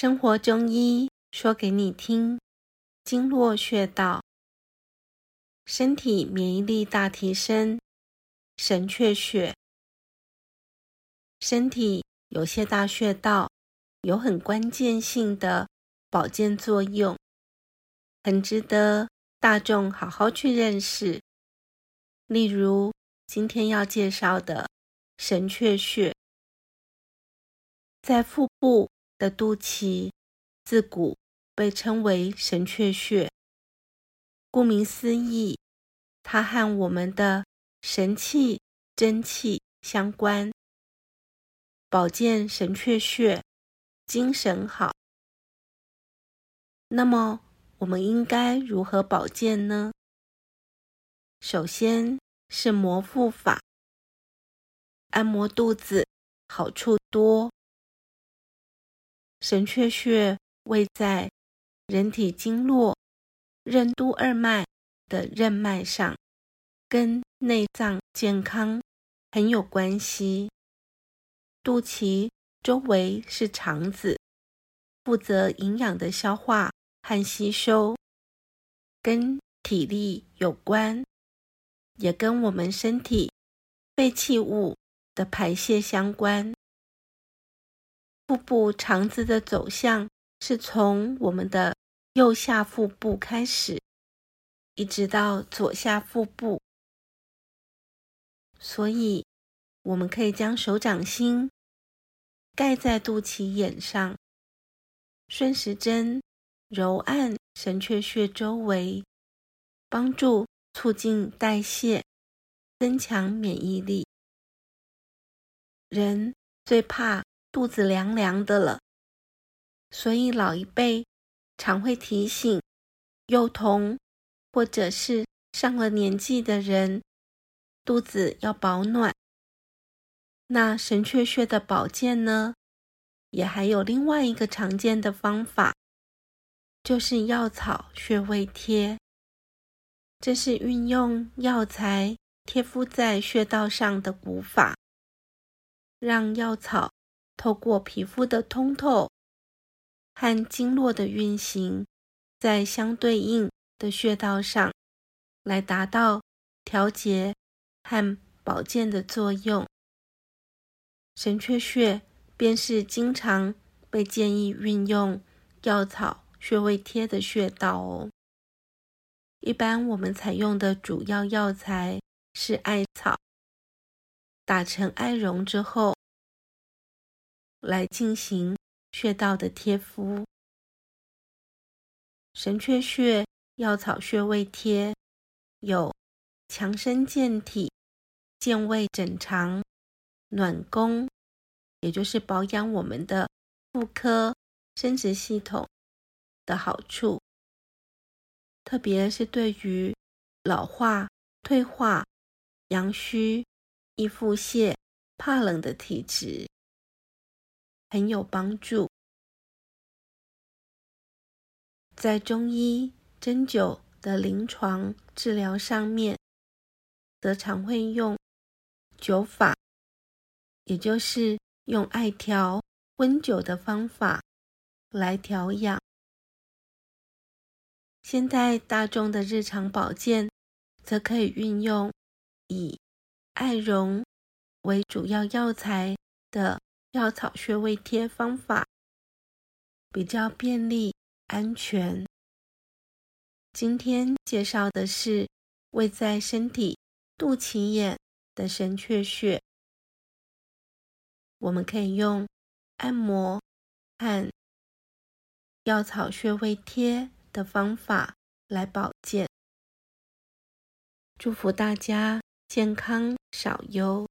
生活中醫說給你聽，經絡穴道，身體免疫力大提升。神闕穴，身體有些大穴道，有很關鍵性的保健作用，很值得大眾好好去認識。例如今天要介紹的神闕穴，在腹部。的肚臍自古被稱為神闕穴，顧名思義，它和我們的神氣、真氣相關。保健神闕穴，精神好。那麼我們應該如何保健呢？首先是摩腹法，按摩肚子好處多。神闕穴位在人體經絡任督二脈的任脈上，跟內臟健康很有關係。肚臍周圍是腸子，負責營養的消化和吸收，跟體力有關，也跟我們身體廢棄物的排泄相關。腹部腸子的走向是從我們的右下腹部開始，一直到左下腹部，所以我們可以將手掌心蓋在肚臍眼上，順時針揉按神闕穴周圍，幫助促進代謝，增強免疫力。人最怕。肚子涼涼的了，所以老一輩常會提醒幼童或者是上了年紀的人，肚子要保暖。那神闕穴的保健呢，也還有另外一個常見的方法，就是藥草穴位貼。這是運用藥材貼敷在穴道上的古法，讓藥草。透過皮膚的通透和經絡的運行，在相對應的穴道上來達到調節和保健的作用。神闕穴便是經常被建議運用藥草穴位貼的穴道哦。一般我們採用的主要藥材是艾草，打成艾絨之後。來進行穴道的貼敷，神闕穴藥草穴位貼有強身健體、健胃整腸、暖宮，也就是保養我們的婦科生殖系統的好處，特別是對於老化、退化、陽虛、易腹瀉、怕冷的體質。很有幫助。在中醫針灸的臨床治療上面，則常會用灸法，也就是用艾條溫灸的方法來調養。現代大眾的日常保健，則可以運用以艾絨為主要藥材的。藥草穴位貼方法比較便利、安全。今天介紹的是位在身體肚臍眼的神闕穴，我們可以用按摩和藥草穴位貼的方法來保健。祝福大家健康少憂。